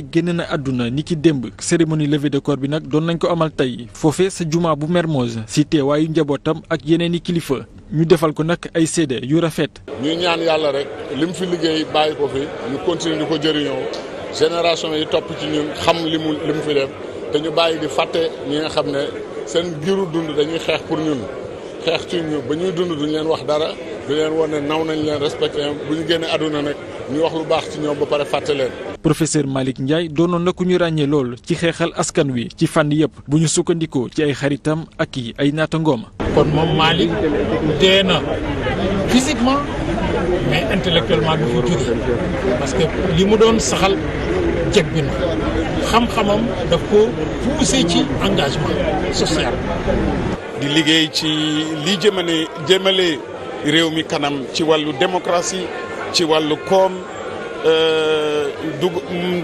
Mbacké génn na àdduna ni ki démb cérémonie levée de corps bi nag doon nañ ko amal tey foofee sa jumaa bu Mermoz si teewaayu njabootam ak yeneen i kilifa ñu defal ko nag ay seede yu rafet. ñuy ñaan yàlla rek li mu fi liggéey bàyyi ko fi ñu continuer di ko jëriñoo génération yi topp ci ñun xam li mu li mu fi def te ñu bàyyi di fàtte ñi nga xam ne seen giru dund dañuy xeex pour ñun xeex ci ñu ba ñuy dund duñ leen wax dara du leen wan ne naw nañ leen respecté bu ñu nag ñu lu baax ci ñoom leen. professeur Malick Ndiaye doonoon na ku ñu ràññee lool ci xeexal askan wi ci fànn yëpp bu ñu sukkandikoo ci ay xaritam ak yi ay naatangoom. kon moom Malick dee na physiquement mais intellectuellement du fi jóge parce que li mu doon saxal jeg bi na xam-xamam daf ko poussé ci engagement social. di liggéey ci li jëmale jëmale réew mi kanam ci wàllu démocratie ci wàllu koom. Euh, dug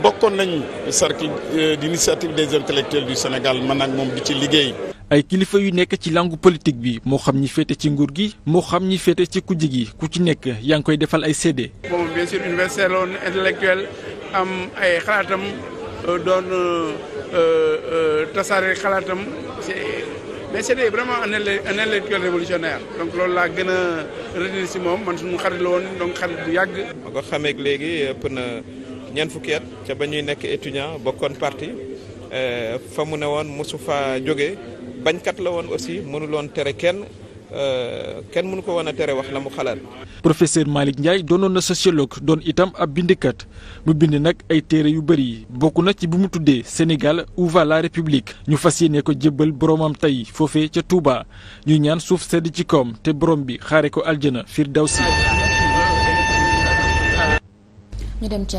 bokkoon nañ cercle euh, d'initiative des intellectuels du Sénégal man ak moom di ci liggéey. ay kilifa yu nekk ci langue politique bi moo xam ñi féete ci nguur gi moo xam ñi féete ci kujje gi ku ci nekk yaa ngi koy defal ay CD. moom bien sûr universitaire la am ay xalaatam euh, doon tasaare xalaatam. mais c'était vraiment un un intellectuel révolutionnaire donc loolu laa gën a si moom man suñu xarit la woon donc xarit bu yàgg. ma ko xamee léegi pën na ñeent fukki at ca ba ñuy nekk étudiant bokkoon parti euh, fa mu ne woon mosu faa jógee bañkat la woon aussi mënuloon tere kenn. Euh, kenn mënu ko woon a tere wax la mu xalaat. professeur Malick Ndiaye doonoon na sociologue doon itam ab bindikat mu bind nag ay téere yu bëri yi bokk na ci bi mu tuddee Sénégal où va République ñu fas yéene ko jébbal boromam tey foofee ca Touba ñu ñaan suuf sedd ci koom te borom bi xaare ko aljana firdawsi. ñu dem ca